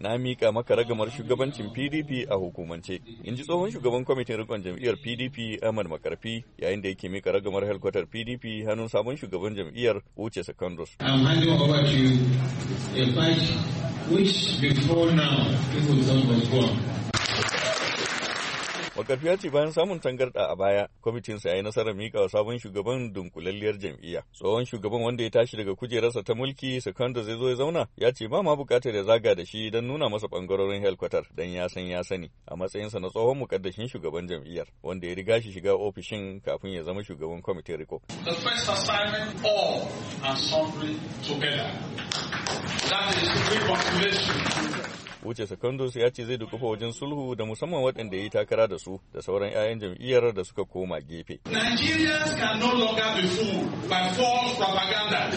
na miƙa maka ragamar shugabancin pdp a hukumance in ji tsohon shugaban kwamitin rikon jam'iyyar pdp ahmad makarfi yayin da yake mika ragamar helkwatar pdp hannun sabon shugaban jam'iyyar wuce secondus before now ya ce bayan samun tangarɗa a baya, kwamitin sa ya yi nasarar mika wa sabon shugaban dunkulalliyar jam'iyya. Tsohon shugaban wanda ya tashi daga kujerarsa ta mulki, Sakanda zai zo ya zauna, ya ce ba ma bukatar ya zaga da shi don nuna masa bangarorin helkwatar don ya san ya sani a matsayinsa na tsohon mukaddashin shugaban jam'iyyar wanda ya riga shi shiga ofishin kafin ya zama shugaban kwamitin riko. The first assignment all and sundry together. That is wuce sakandosu ya ce zai dukufa wajen sulhu da musamman waɗanda ya yi takara da su da sauran 'ya'yan jam'iyyar da suka koma gefe. Nigerians can no longer be fooled propaganda.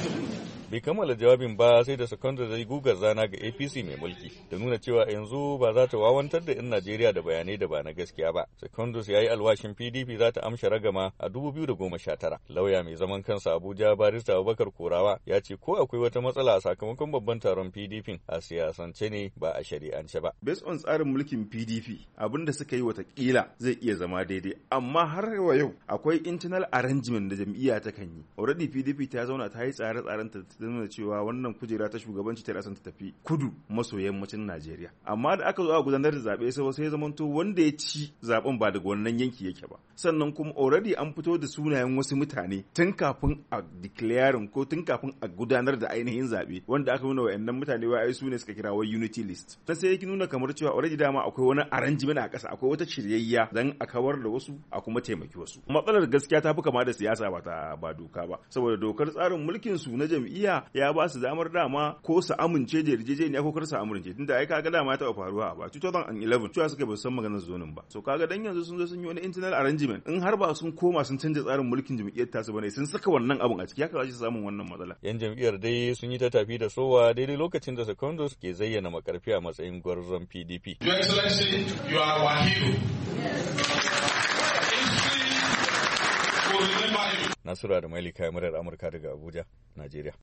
bai kammala jawabin ba sai da sakandare gugar zana ga apc mai mulki da nuna cewa yanzu ba za ta wawantar da 'yan najeriya da bayanai da ba na gaskiya ba sakandar ya yi alwashin pdp za ta amsha ragama a biyu da goma sha tara. lauya mai zaman kansa abuja barista abubakar korawa ya ce ko akwai wata matsala a sakamakon babban taron pdp a siyasance ne ba a shari'ance ba based on tsarin mulkin pdp abin da suka yi watakila zai iya zama daidai amma har yau akwai internal arrangement da jam'iyya ta kan yi already pdp ta zauna ta yi tsare-tsaren ta da nuna cewa wannan kujera ta shugabanci ta rasanta tafi kudu maso yammacin Najeriya amma da aka zo a gudanar da zaɓe sai sai zamanto wanda ya ci zaben ba daga wannan yanki yake ba sannan kuma already an fito da sunayen wasu mutane tun kafin a declaring ko tun kafin a gudanar da ainihin zaɓe wanda aka nuna wa'annan mutane wa ai su suka kira wa unity list ta sai yake nuna kamar cewa already dama akwai wani arrangement a kasa akwai wata shiryayya dan a kawar da wasu a kuma taimaki wasu matsalar gaskiya ta fi kama da siyasa ba ta ba doka ba saboda dokar tsarin mulkin su na jam'iyya duniya ya ba su damar dama ko su amince da yarjejeniya ko kar su amince tunda ai kaga dama ya taba faruwa a ba 2011 cewa suka ba san maganar zonin ba so kaga dan yanzu sun zo sun yi wani internal arrangement in har ba sun koma sun canja tsarin mulkin jam'iyyar tasu bane sun saka wannan abun a ciki ya kawo shi samun wannan matsala yan jam'iyyar dai sun yi ta tafi da sowa daidai lokacin da secondos ke zayyana makarfi a matsayin gwarzon PDP your excellency you are our hero Nasura da Malika Murar Amurka daga Abuja, Najeriya.